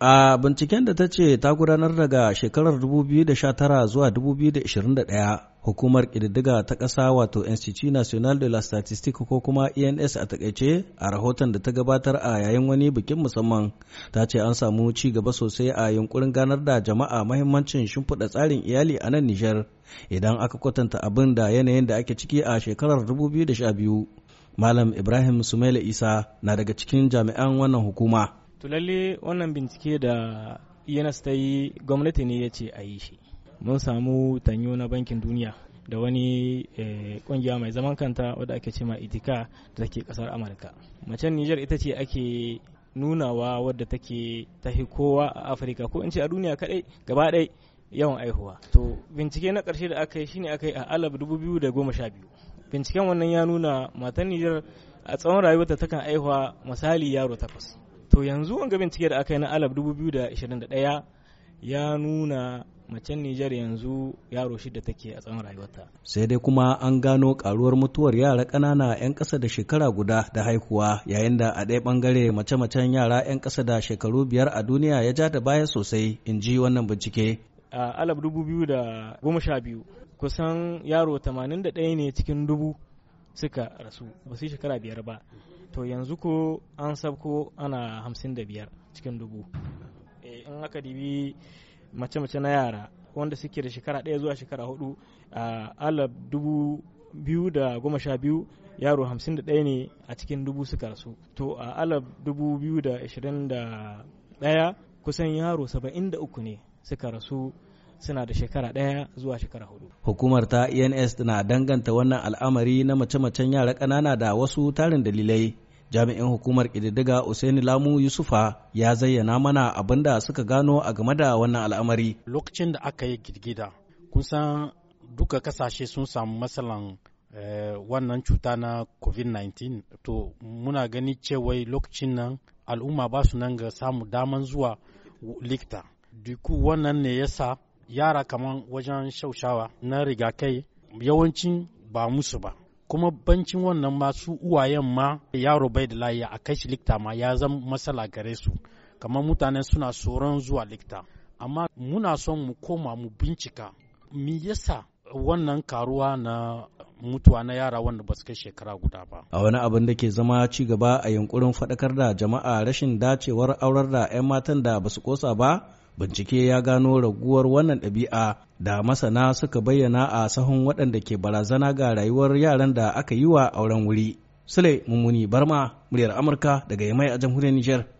A binciken da ta ce ta gudanar daga shekarar 2019 zuwa 2021, hukumar ƙididdiga ta ƙasa wato Institut National de la Statistique ko kuma ENS a takaice a rahoton da ta gabatar a yayin wani bikin musamman ta ce an samu ci gaba sosai a yunkurin ganar da jama'a mahimmancin shimfiɗa tsarin iyali a nan Nijar idan aka kwatanta abin da yanayin da ake ciki a shekarar 2012. Malam Ibrahim Sumaila Isa na daga cikin jami'an wannan hukuma. to wannan bincike da yanas e ta yi gwamnati ne ya ce a yi shi mun samu tanyo na bankin duniya da wani kungiya eh, mai zaman kanta wadda ake ce ma itika da ke kasar amurka macen niger ita ce ake nunawa wadda take tahi kowa a afirka ko in ce a duniya kadai gaba ɗaya yawan aihuwa to bincike na karshe da aka yi shine aka yi a alab biyu binciken wannan ya nuna matan niger a tsawon rayuwarta takan aihuwa misali yaro takwas to yanzu wanga bincike da aka yi na alab 2021 ya nuna macen Nijar yanzu yaro shida take a tsawon rayuwarta. Sai dai kuma an gano karuwar mutuwar yara kanana 'yan kasa da shekara guda da haihuwa yayin da a ɗaya bangare mace-macen yara 'yan kasa da shekaru biyar a duniya ya ja da baya sosai in ji wannan bincike. A alaf dubu kusan yaro tamanin ne cikin dubu suka rasu ba su shekara biyar ba to yanzu ko an sabko ana hamsin da biyar cikin dubu eh, in aka dibi mace-mace na yara wanda suke da shekara ɗaya zuwa shekara hudu a alab dubu biyu da goma sha biyu yaro hamsin da ɗaya ne a cikin dubu suka rasu to a alab dubu biyu da ashirin da ɗaya kusan yaro saba'in da uku ne suka rasu suna da shekara ɗaya zuwa shekara hudu. Hukumar ta ENS na danganta wannan al'amari na mace-macen yara ƙanana da wasu tarin dalilai. Jami'in hukumar ƙididdiga Usaini Lamu Yusufa ya zayyana mana abin da suka gano a game da wannan al'amari. Lokacin da aka yi girgida, kusan duka kasashe sun samu matsalan eh, wannan cuta na COVID-19. To, muna gani cewa lokacin nan al'umma ba su nan ga samu daman zuwa likita. Duku wannan ne yasa yara kamar wajen shaushawa na rigakai yawancin ba musu ba kuma bancin wannan masu su uwayen ma yaro bai da layi a kai shi likta ma ya zama matsala gare su kamar mutane suna tsoron zuwa likta amma muna son mu koma mu bincika me yasa wannan karuwa na mutuwa na yara wanda ba su kai shekara guda ba. A wani abin da ke zama ci gaba a yunkurin faɗakar da jama'a rashin dacewar aurar da 'yan matan da ba su kosa ba, bincike ya gano raguwar wannan ɗabi'a da masana suka bayyana a sahun waɗanda ke barazana ga rayuwar yaran da aka yi wa auren wuri. Sule Mummuni Barma, muryar Amurka daga Yamai a jamhuriyar Nijar.